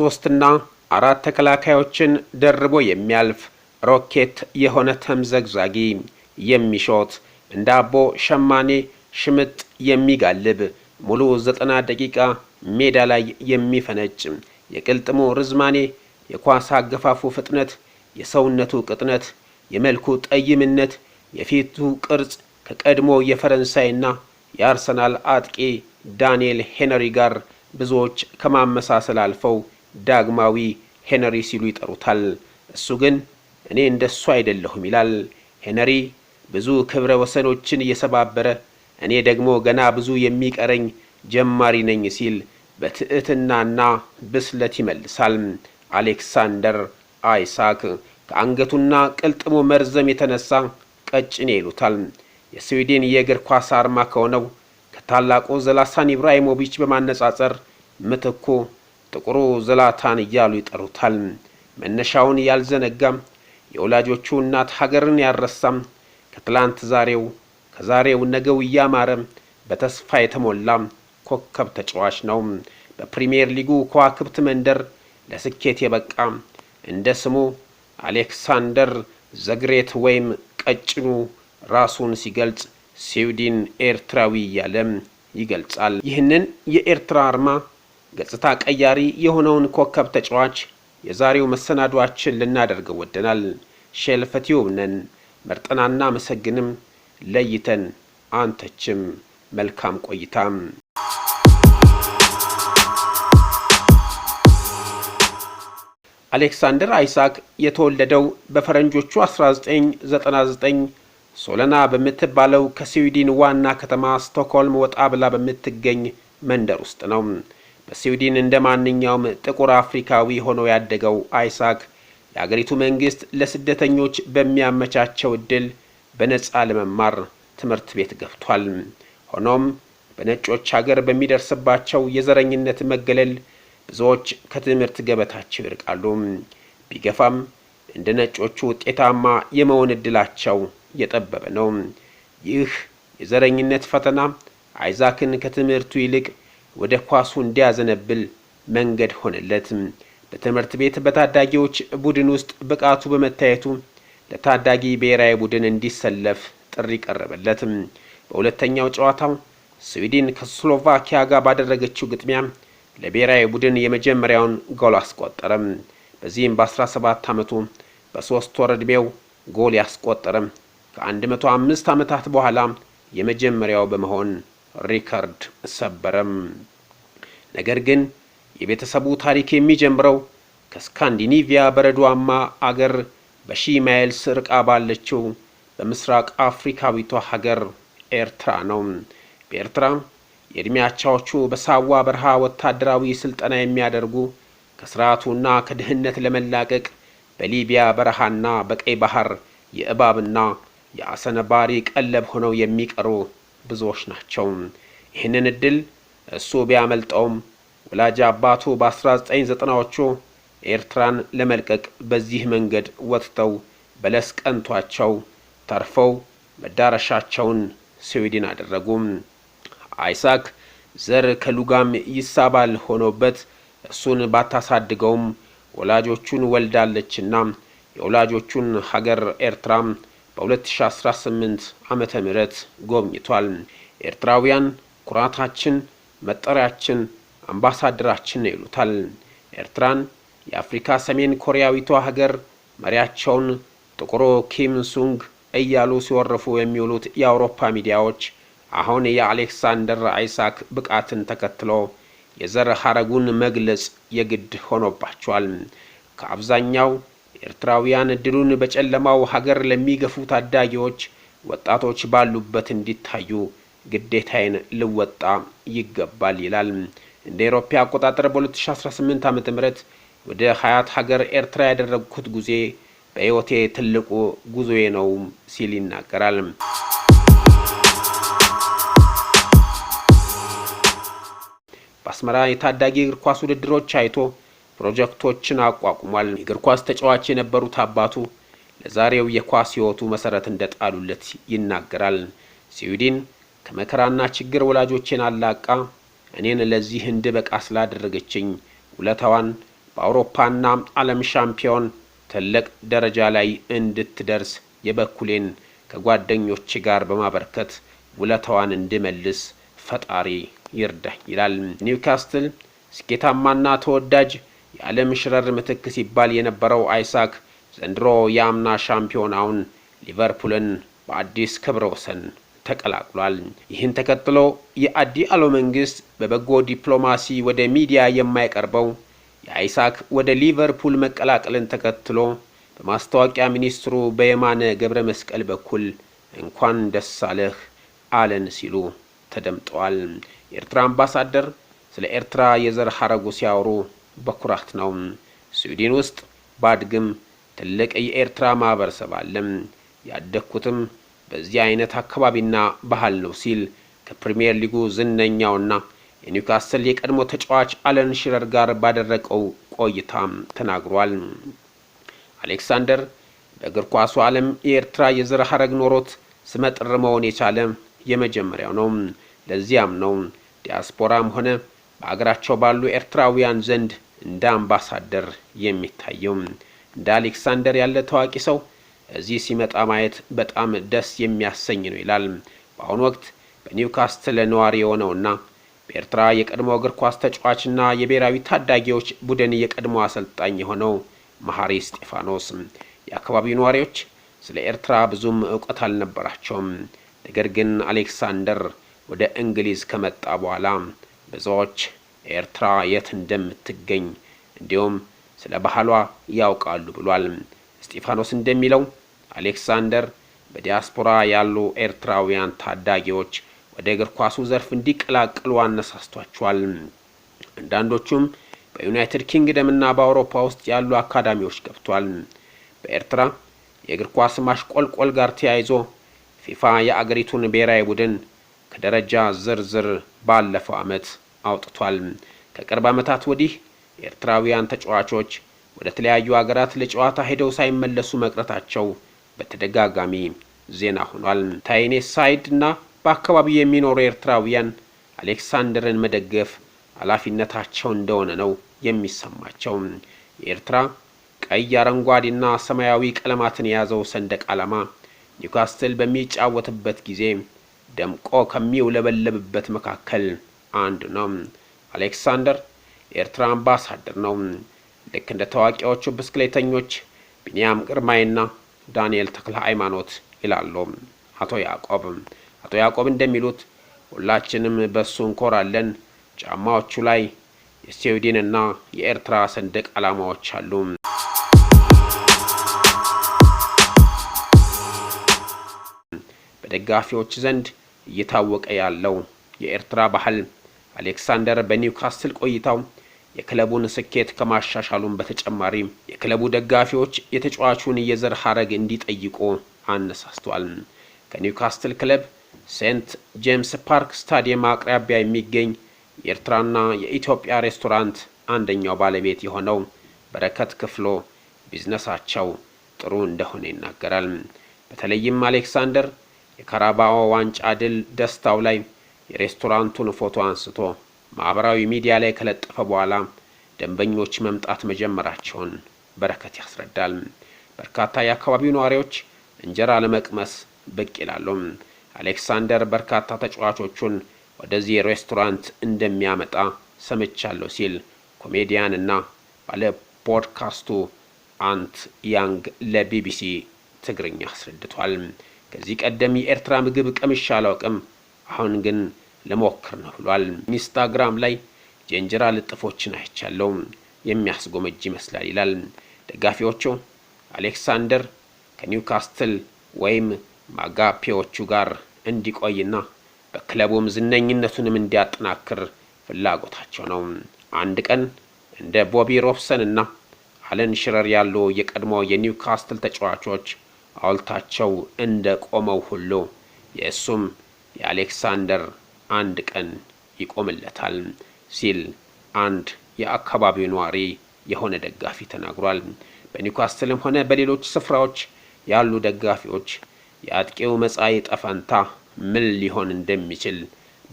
ሶስትና አራት ተከላካዮችን ደርቦ የሚያልፍ ሮኬት የሆነ ተምዘግዛጊ የሚሾት እንደ አቦ ሸማኔ ሽምጥ የሚጋልብ ሙሉ ዘጠና ደቂቃ ሜዳ ላይ የሚፈነጭ የቅልጥሙ ርዝማኔ፣ የኳስ አገፋፉ ፍጥነት፣ የሰውነቱ ቅጥነት፣ የመልኩ ጠይምነት፣ የፊቱ ቅርጽ ከቀድሞ የፈረንሳይና የአርሰናል አጥቂ ዳንኤል ሄነሪ ጋር ብዙዎች ከማመሳሰል አልፈው ዳግማዊ ሄነሪ ሲሉ ይጠሩታል። እሱ ግን እኔ እንደሱ አይደለሁም ይላል። ሄነሪ ብዙ ክብረ ወሰኖችን እየሰባበረ እኔ ደግሞ ገና ብዙ የሚቀረኝ ጀማሪ ነኝ ሲል በትዕትናና ብስለት ይመልሳል። አሌክሳንደር አይሳክ ከአንገቱና ቅልጥሙ መርዘም የተነሳ ቀጭኔ ይሉታል። የስዊድን የእግር ኳስ አርማ ከሆነው ከታላቁ ዘላሳን ኢብራሂሞቪች በማነጻጸር ምትኩ ጥቁሩ ዘላታን እያሉ ይጠሩታል። መነሻውን ያልዘነጋም የወላጆቹ እናት ሀገርን ያረሳም። ከትላንት ዛሬው ከዛሬው ነገው እያማረ በተስፋ የተሞላ ኮከብ ተጫዋች ነው። በፕሪምየር ሊጉ ከዋክብት መንደር ለስኬት የበቃ እንደ ስሙ አሌክሳንደር ዘግሬት ወይም ቀጭኑ ራሱን ሲገልጽ ስዊድን ኤርትራዊ እያለ ይገልጻል። ይህንን የኤርትራ አርማ ገጽታ ቀያሪ የሆነውን ኮከብ ተጫዋች የዛሬው መሰናዷችን ልናደርገው ወደናል። ሼልፈቲውም ነን መርጠናና መሰግንም ለይተን አንተችም። መልካም ቆይታም። አሌክሳንደር አይሳክ የተወለደው በፈረንጆቹ 1999 ሶለና በምትባለው ከስዊድን ዋና ከተማ ስቶክሆልም ወጣ ብላ በምትገኝ መንደር ውስጥ ነው። በስዊድን እንደ ማንኛውም ጥቁር አፍሪካዊ ሆኖ ያደገው አይሳክ የአገሪቱ መንግስት ለስደተኞች በሚያመቻቸው እድል በነጻ ለመማር ትምህርት ቤት ገብቷል። ሆኖም በነጮች ሀገር በሚደርስባቸው የዘረኝነት መገለል ብዙዎች ከትምህርት ገበታቸው ይርቃሉ። ቢገፋም እንደ ነጮቹ ውጤታማ የመሆን እድላቸው የጠበበ ነው። ይህ የዘረኝነት ፈተና አይዛክን ከትምህርቱ ይልቅ ወደ ኳሱ እንዲያዘነብል መንገድ ሆነለት በትምህርት ቤት በታዳጊዎች ቡድን ውስጥ ብቃቱ በመታየቱ ለታዳጊ ብሔራዊ ቡድን እንዲሰለፍ ጥሪ ቀረበለት። በሁለተኛው ጨዋታው ስዊድን ከስሎቫኪያ ጋር ባደረገችው ግጥሚያ ለብሔራዊ ቡድን የመጀመሪያውን ጎል አስቆጠረም። በዚህም በ17 ዓመቱ በሶስት ወር ዕድሜው ጎል ያስቆጠረም ከ105 ዓመታት በኋላ የመጀመሪያው በመሆን ሪከርድ ሰበረም። ነገር ግን የቤተሰቡ ታሪክ የሚጀምረው ከስካንዲኔቪያ በረዷማ አገር በሺ ማይልስ ርቃ ባለችው በምስራቅ አፍሪካዊቷ ሀገር ኤርትራ ነው። በኤርትራ የዕድሜ አቻዎቹ በሳዋ በረሃ ወታደራዊ ስልጠና የሚያደርጉ ከስርዓቱና ከድህነት ለመላቀቅ በሊቢያ በረሃና በቀይ ባህር የእባብና የአሰነባሪ ቀለብ ሆነው የሚቀሩ ብዙዎች ናቸው። ይህንን እድል እሱ ቢያመልጠውም ወላጅ አባቱ በ1990ዎቹ ኤርትራን ለመልቀቅ በዚህ መንገድ ወጥተው በለስ ቀንቷቸው ተርፈው መዳረሻቸውን ስዊድን አደረጉም። አይሳክ ዘር ከሉጋም ይሳባል ሆኖበት እሱን ባታሳድገውም ወላጆቹን ወልዳለችና የወላጆቹን ሀገር ኤርትራም በ2018 ዓመተ ምህረት ጎብኝቷል። ኤርትራውያን ኩራታችን፣ መጠሪያችን፣ አምባሳደራችን ይሉታል። ኤርትራን የአፍሪካ ሰሜን ኮሪያዊቷ ሀገር መሪያቸውን ጥቁሩ ኪም ሱንግ እያሉ ሲወርፉ የሚውሉት የአውሮፓ ሚዲያዎች አሁን የአሌክሳንደር አይሳክ ብቃትን ተከትሎ የዘር ሀረጉን መግለጽ የግድ ሆኖባቸዋል። ከአብዛኛው ኤርትራውያን እድሉን በጨለማው ሀገር ለሚገፉ ታዳጊዎች፣ ወጣቶች ባሉበት እንዲታዩ ግዴታዬን ልወጣ ይገባል ይላል። እንደ ኤሮፓ አቆጣጠር በ2018 ዓ ም ወደ ሀያት ሀገር ኤርትራ ያደረግኩት ጉዜ በሕይወቴ ትልቁ ጉዞዬ ነው ሲል ይናገራል። በአስመራ የታዳጊ እግር ኳስ ውድድሮች አይቶ ፕሮጀክቶችን አቋቁሟል። የእግር ኳስ ተጫዋች የነበሩት አባቱ ለዛሬው የኳስ ሕይወቱ መሰረት እንደጣሉለት ይናገራል። ስዊድን ከመከራና ችግር ወላጆቼን አላቃ እኔን ለዚህ እንድበቃ ስላደረገችኝ ውለታዋን በአውሮፓና ዓለም ሻምፒዮን ትልቅ ደረጃ ላይ እንድትደርስ የበኩሌን ከጓደኞች ጋር በማበርከት ውለታዋን እንድመልስ ፈጣሪ ይርዳኝ ይላል። ኒውካስትል ስኬታማና ተወዳጅ የዓለም ሽረር ምትክ ሲባል የነበረው አይሳክ ዘንድሮ የአምና ሻምፒዮናውን ሊቨርፑልን በአዲስ ክብረ ወሰን ተቀላቅሏል። ይህን ተከትሎ የአዲ አሎ መንግስት በበጎ ዲፕሎማሲ ወደ ሚዲያ የማይቀርበው የአይሳክ ወደ ሊቨርፑል መቀላቀልን ተከትሎ በማስታወቂያ ሚኒስትሩ በየማነ ገብረ መስቀል በኩል እንኳን ደስ አለህ አለን ሲሉ ተደምጠዋል። የኤርትራ አምባሳደር ስለ ኤርትራ የዘር ሐረጉ ሲያወሩ በኩራት ነው። ስዊድን ውስጥ ባድግም ትልቅ የኤርትራ ማህበረሰብ አለም። ያደግኩትም በዚህ አይነት አካባቢና ባህል ነው ሲል ከፕሪምየር ሊጉ ዝነኛውና የኒውካስል የቀድሞ ተጫዋች አለን ሽረር ጋር ባደረቀው ቆይታ ተናግሯል። አሌክሳንደር በእግር ኳሱ ዓለም የኤርትራ የዘር ሀረግ ኖሮት ስመጥር መሆን የቻለ የመጀመሪያው ነው። ለዚያም ነው ዲያስፖራም ሆነ በአገራቸው ባሉ ኤርትራውያን ዘንድ እንደ አምባሳደር የሚታየው። እንደ አሌክሳንደር ያለ ታዋቂ ሰው እዚህ ሲመጣ ማየት በጣም ደስ የሚያሰኝ ነው ይላል። በአሁኑ ወቅት በኒውካስትል ነዋሪ የሆነውና በኤርትራ የቀድሞ እግር ኳስ ተጫዋችና የብሔራዊ ታዳጊዎች ቡድን የቀድሞ አሰልጣኝ የሆነው መሐሪ እስጢፋኖስ የአካባቢው ነዋሪዎች ስለ ኤርትራ ብዙም እውቀት አልነበራቸውም። ነገር ግን አሌክሳንደር ወደ እንግሊዝ ከመጣ በኋላ ብዙዎች ኤርትራ የት እንደምትገኝ እንዲሁም ስለ ባህሏ ያውቃሉ ብሏል። እስጢፋኖስ እንደሚለው አሌክሳንደር በዲያስፖራ ያሉ ኤርትራውያን ታዳጊዎች ወደ እግር ኳሱ ዘርፍ እንዲቀላቀሉ አነሳስቷቸዋል። አንዳንዶቹም በዩናይትድ ኪንግደምና በአውሮፓ ውስጥ ያሉ አካዳሚዎች ገብቷል። በኤርትራ የእግር ኳስ ማሽቆልቆል ጋር ተያይዞ ፊፋ የአገሪቱን ብሔራዊ ቡድን ከደረጃ ዝርዝር ባለፈው ዓመት አውጥቷል። ከቅርብ ዓመታት ወዲህ ኤርትራውያን ተጫዋቾች ወደ ተለያዩ አገራት ለጨዋታ ሄደው ሳይመለሱ መቅረታቸው በተደጋጋሚ ዜና ሆኗል። ታይኔ ሳይድ እና በአካባቢው የሚኖሩ ኤርትራውያን አሌክሳንደርን መደገፍ ኃላፊነታቸው እንደሆነ ነው የሚሰማቸው። የኤርትራ ቀይ፣ አረንጓዴና ሰማያዊ ቀለማትን የያዘው ሰንደቅ ዓላማ ኒውካስትል በሚጫወትበት ጊዜ ደምቆ ከሚውለበለብበት መካከል አንዱ ነው። አሌክሳንደር የኤርትራ አምባሳደር ነው። ልክ እንደ ታዋቂዎቹ ብስክሌተኞች ቢንያም ግርማይና ዳንኤል ተክለ ሃይማኖት ይላሉ አቶ ያዕቆብ። አቶ ያዕቆብ እንደሚሉት ሁላችንም በእሱ እንኮራለን። ጫማዎቹ ላይ የስዊድንና የኤርትራ ሰንደቅ ዓላማዎች አሉ። በደጋፊዎች ዘንድ እየታወቀ ያለው የኤርትራ ባህል አሌክሳንደር በኒውካስትል ቆይታው የክለቡን ስኬት ከማሻሻሉም በተጨማሪ የክለቡ ደጋፊዎች የተጫዋቹን የዘር ሐረግ እንዲጠይቁ አነሳስቷል። ከኒውካስትል ክለብ ሴንት ጄምስ ፓርክ ስታዲየም አቅራቢያ የሚገኝ የኤርትራና የኢትዮጵያ ሬስቶራንት አንደኛው ባለቤት የሆነው በረከት ክፍሎ ቢዝነሳቸው ጥሩ እንደሆነ ይናገራል። በተለይም አሌክሳንደር የካራባኦ ዋንጫ ድል ደስታው ላይ የሬስቶራንቱን ፎቶ አንስቶ ማኅበራዊ ሚዲያ ላይ ከለጠፈ በኋላ ደንበኞች መምጣት መጀመራቸውን በረከት ያስረዳል። በርካታ የአካባቢው ነዋሪዎች እንጀራ ለመቅመስ ብቅ ይላሉ። አሌክሳንደር በርካታ ተጫዋቾቹን ወደዚህ ሬስቶራንት እንደሚያመጣ ሰምቻለሁ ሲል ኮሜዲያን እና ባለ ፖድካስቱ አንት ያንግ ለቢቢሲ ትግርኛ አስረድቷል። ከዚህ ቀደም የኤርትራ ምግብ ቀምሼ አላውቅም፣ አሁን ግን ልሞክር ነው ብሏል። ኢንስታግራም ላይ የእንጀራ ልጥፎችን አይቻለው የሚያስጎመጅ ይመስላል ይላል። ደጋፊዎቹ አሌክሳንደር ከኒውካስትል ወይም ማጋፔዎቹ ጋር እንዲቆይና በክለቡም ዝነኝነቱንም እንዲያጠናክር ፍላጎታቸው ነው። አንድ ቀን እንደ ቦቢ ሮብሰን እና አለን ሽረር ያሉ የቀድሞ የኒውካስትል ተጫዋቾች ሐውልታቸው እንደ ቆመው ሁሉ የእሱም የአሌክሳንደር አንድ ቀን ይቆምለታል ሲል አንድ የአካባቢው ነዋሪ የሆነ ደጋፊ ተናግሯል። በኒውካስትልም ሆነ በሌሎች ስፍራዎች ያሉ ደጋፊዎች የአጥቂው መጻኢ ጠፈንታ ምን ሊሆን እንደሚችል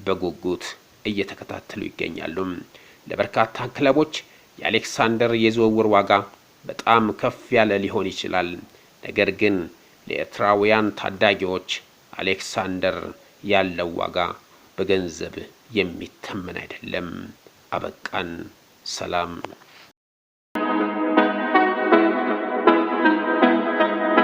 በጉጉት እየተከታተሉ ይገኛሉ። ለበርካታ ክለቦች የአሌክሳንደር የዝውውር ዋጋ በጣም ከፍ ያለ ሊሆን ይችላል። ነገር ግን ለኤርትራውያን ታዳጊዎች አሌክሳንደር ያለው ዋጋ በገንዘብ የሚተመን አይደለም። አበቃን። ሰላም